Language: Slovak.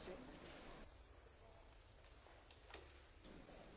pracy.